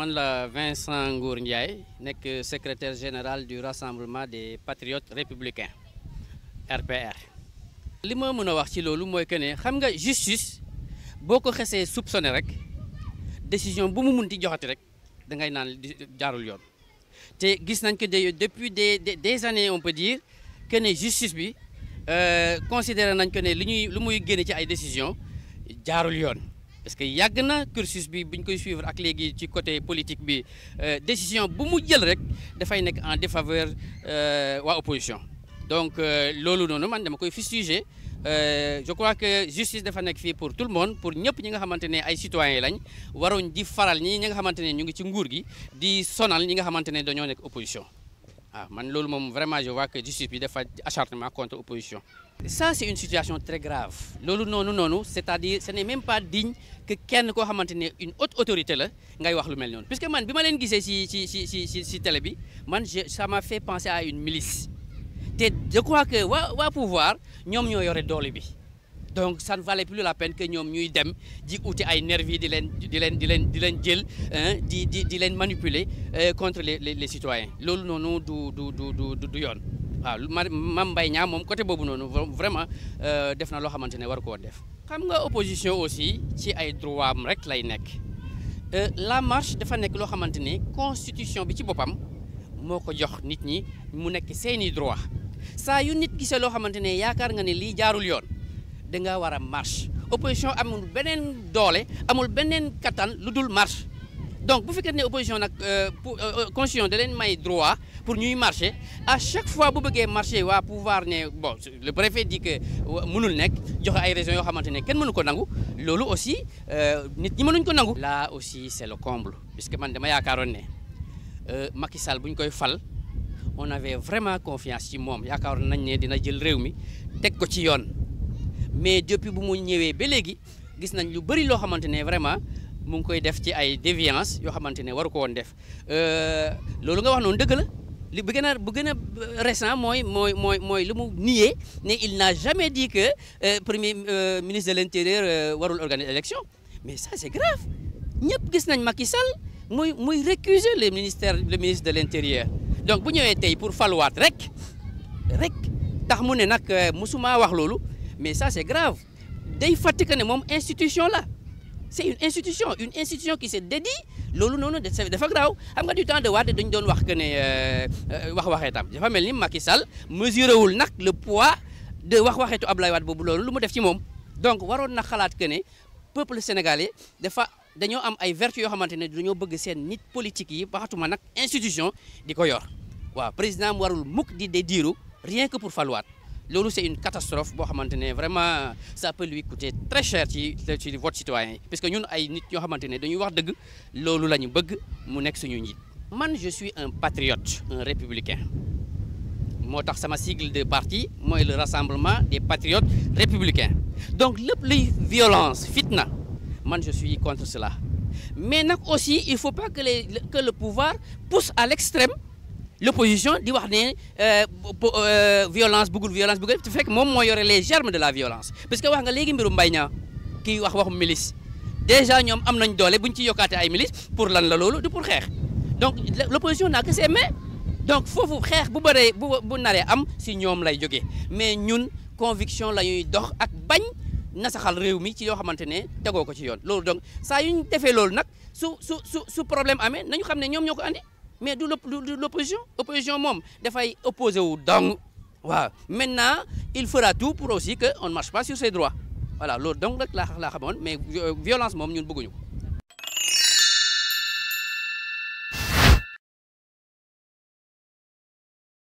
man la Vincent Ngour Ndiaye secrétaire général du rassemblement des patriotes républicains RPR. li ma mën a wax ci loolu mooy que ne xam nga justice boo ko xesee soupçonné rek décision bu mu munti joxati rek da ngay naan jaarul yoon te gis nañ que depuis des des années on peut dire que ne justice bi euh, considéré nañ que ne li ñuy lu muy génne ci ay décision jaarul yoon parce que yàgg cursus bi buñ koy suivre ak légui ci côté politique bi euh, décision bu mu jël rek fay nek en défaveur euh, wa opposition donc euh, lolu nonu man dama koy fustiger je crois que justice dafa nek fi pour tout le monde pour ñëpp ñi nga xamantene ay citoyens lañ waroñ di faral ñi ñi nga xamantene ñu ngi ci nguur gi di sonal ñi nga xamantene ne dañoo opposition ah man loolu moom vraiment je vois que justice bi dafa acharnement contre opposition. ça c'est une situation très grave non, non, non. c'est-à-dire ce n'est même pas digne que kenn koo xamante une haute autorité la ngay wax lu mel noonu. puisque man bi ma leen gisee ci ci ci ci ci ci télé bi man je ça m'a fait penser à une milice te je crois que waa waa pouvoir ñoom ñoo yore doole bi donc ça ne valait plus la peine que ñoom ñuy dem ji uti ay nervi di len di len di len di len jël hein, di di di len manipuler euh, contre les les citoyens loolu noonu du du du du du yoon waaw mam Mbaye Niang moom côté bobu noonu vraiment euh def na lo xamantene war ko def. xam nga opposition aussi ci ay droit am rek lay nek euh la marche dafa nek lo xamantene constitution bi ci bopam moko jox nit ñi mu nek seeni droit saa yu nit gisee loo xamante ne yaakaar nga ne li jaarul yoon dangaa wara marche opposition amul benen doole amul marche donc bu opposition euh, pour euh, euh, constitution droit pour ñuy marcher à chaque fois bu marcher pouvoir bon le préfet dit que mënul ay mënu aussi euh, nit ñi là aussi c'est le comble puisque man dama Macky Sall koy fal on avait vraiment confiance ci nañ dina jël ko mais depuis bu mu ñëwee ba léegi gis nañ lu bëri loo xamante vraiment mu ngi koy def ci ay déviance yo xamante war ko won def euh, loolu nga wax non dëgg la li bu gëna bu gëna récent moy moy moy moy lu mu nié né il n'a jamais dit que euh, premier euh, ministre de l'intérieur warul organiser élection mais ça c'est grave ñëpp gis nañ Macky Sall moy moy récuser le ministère le ministre de l'intérieur donc bu ñëwé tay pour faluwaat rek rek tax mu ne nag musuma wax loolu mais ça c'est grave day fàttali ne institution là c'est une institution une institution qui se dédie loolu noonu dafa grave xam nga du temps de Wade dañ doon wax que ne euh, euh, wax waxeetam dafa mel ni Macky Sall mesuré nak le poids de wax waxeetu Ablaye Wade boobu loolu lu mu def ci donc waron na xalaat que ne peuple sénégalais dafa dañoo am ay vertu yo xamante ne bëgg seen nit politique yi waxatuma nak institution diko yor wa président warul mukk di de rien que pour falluwaat Lolo c'est une catastrophe vraiment ça peut lui coûter très cher ci ci citoyen parce que ñun ay nit ño xamantene dañuy wax deug lolu lañu bëgg mu nek suñu nit man je suis un patriote un républicain C'est ma sama sigle de parti moy le rassemblement des patriotes républicains donc le violence fitna man je suis contre cela mais aussi il faut pas que le pouvoir pousse à l'extrême l'opposition di wax euh, euh, violence bëggul violence bëggul te fekk moom moo yore les germes de la violence parce que wax nga légui mbirum mbay ki wax waxu milice déjà ñom am nañ doole bu ci yokkaate ay milice pour lan la lolu du pour xex donc l'opposition n'a que ses mains donc fofu xex bu bëree bu bu naree am si ñom lay joggé mais ñun conviction lañuy dox ak bañ nasaxal réew mi ci yo xamantene ne ko ci yoon lolu donc saa yuñ ñu lolu nak su su su problème amé nañu xamné ñom ñoko andi mais l'opposition, l'opposition opposition opposition moom opposé maintenant il fera tout pour aussi qu'on ne marche pas sur ses droits voilà le donc la la mais violence nous ñun bëgguñu